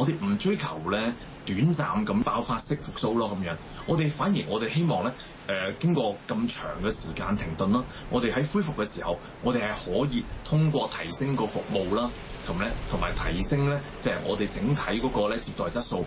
我哋唔追求咧短暫咁爆發式復甦咯，咁樣。我哋反而我哋希望咧，誒經過咁長嘅時間停頓啦，我哋喺恢復嘅時候，我哋係可以通過提升個服務啦，咁咧同埋提升咧，即係我哋整體嗰個咧接待質素。